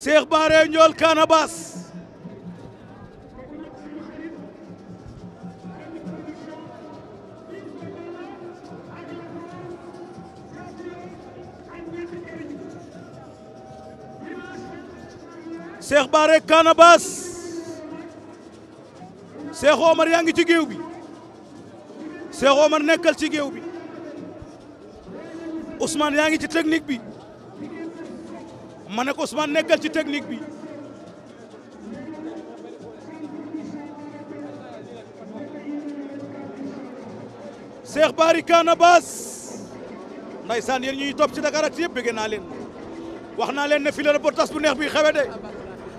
Cheikh Bara Ndiol Kana Basse Cheikh Bara Kana Omar yaa ngi ci géew bi Cheikh Omar nekkal ci géew bi Ousmane yaa ngi ci technique bi ma ne ko Ousmane nekkal ci technique bi Cheikh Bary Canabasse ndaysaan yéen ñuy topp ci Dakaractu yëpp bëgg naa leen wax naa leen ne fii la reportage bu neex bi xewe de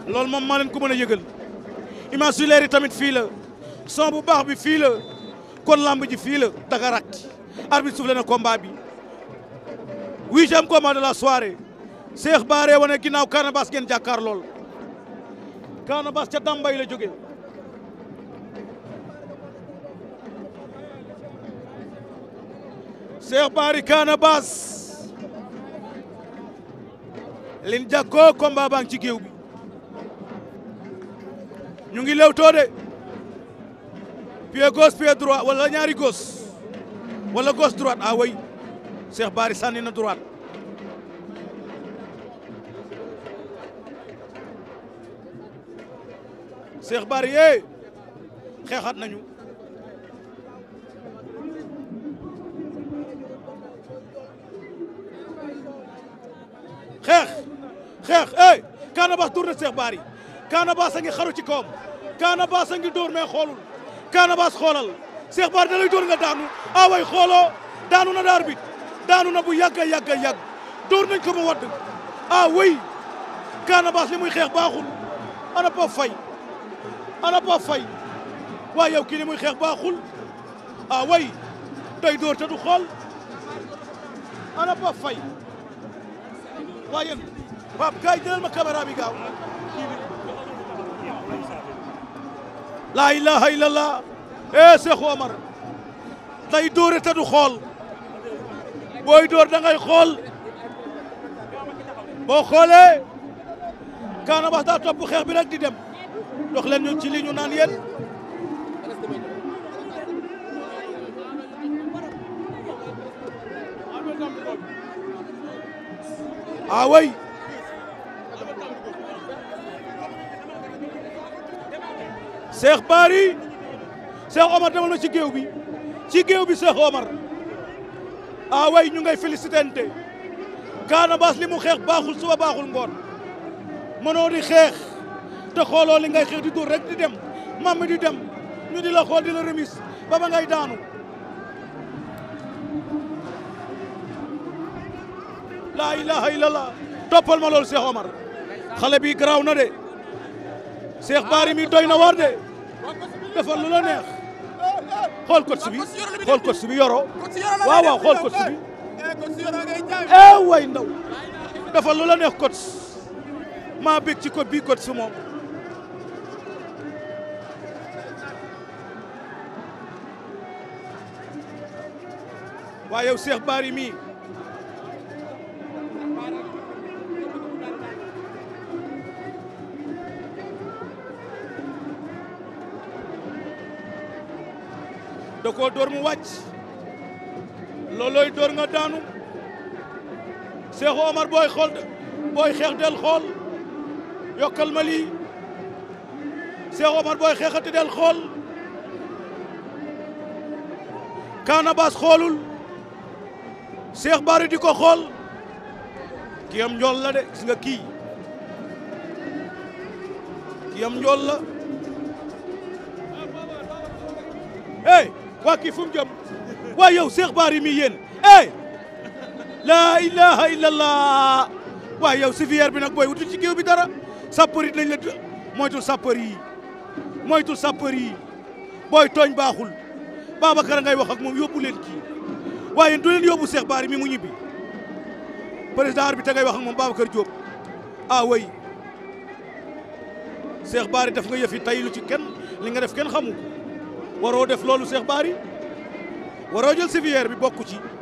loolu moom maa leen ko mën a yëgal image su leer tamit fii la son bu baax bi fii la kon lamb ji fii la Dakaractu arbitre soufflé na combat bi huitième combat de la soirée Cheikh Bara wane ginnaaw Canabasse ngeen jàkkaar lool Canabasse ca Tambay la jóge Cheikh Bara Canabasse lin jàkkoo combat baa ci géew bi ñu ngi lewtoo de pied gauche pied droit wala ñaari gauche wala gauche droite ah way Cheikh Bara sànni na شيخ باري خيخات نانيو خيخ خيخ اي كان با تورنا شيخ باري كان با سانغي خارو سي كوم كان با سانغي دور مي خولول كان با خولال شيخ باري دالاي دور نغا دانو اواي خولو دانو نا داربيت دانو نا بو ياغا ياغا ياغ دور نانكو بو وات اواي كان با سلي موي خيخ باخول انا با فاي ana Pape Faye waaye yow kii li muy xeex baaxul ah way day door te du xool ana Pape Faye waaye yéen Pape gars yi jëlal ma caméra bi gaaw laa ilaha illallah eh Cheikh Omar day dóore te du xool booy dóor da ngay xool boo xoolee Kaana Bass daa topp xeex bi rek di dem dox leen ñu ci li ñu naan yéen ah way Cheikh Bary Cheikh Omar ma ci géew bi ci géew bi Cheikh Omar ah way ñu ngay félicitante Canabasse li mu xeex baaxul suba baaxul ngoon mënoo xeex te xooloo li ngay xew di dóor rek di dem mam mi di dem ñu di la xool di la remise ba ba ngay daanu laa ilaha illallah toppal ma loolu Cheikh Omar xale bii garaaw na de Cheikh Bari mi na war de defal lu la neex xool kot si bi xool kot si bi yoro waaw waaw xool kot bi eh ndaw defal lu la neex kot maa bég ci kot bii kot si moom waaye yow Cheikh Bary mii da koo dóor mu wàcc loolooy dóor nga daanu Cheikh Omar booy xool booy xeex del xool yokkal ma lii Cheikh Omar booy xeexati del xool Canabasse xoolul Cheikh Bara di ko xool kii am njool la de gis nga kii kii am njool la hey waa kii fu mu jëm waa yow Cheikh Bara mi yéen hey laa ilaha illallah waa yow civière bi nag booy wutul ci géew bi dara sapeur yi dinañ la moytul sapeur yi moytul sapeur yi booy tooñ baaxul Babacar ngay wax ak moom yóbbu leen kii waaye du leen yóbbu Cheikh Bara mi mu ñibbi président arbitre ngay wax ak moom Babacar Diop ah way Cheikh def nga yëfi tay lu ci kenn li nga def kenn xamu waroo def loolu Cheikh Bara waroo jël civière bi bokku ci